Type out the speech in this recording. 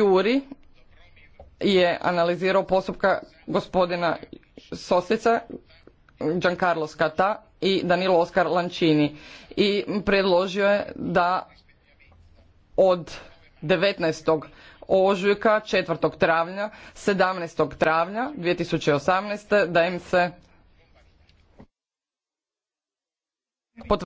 Juri je analizirao postupka gospodina Sosica, Giancarlo Scata i Danilo Oscar Lančini i predložio je da od 19. ožujka, 4. travnja, 17. travnja 2018. da im se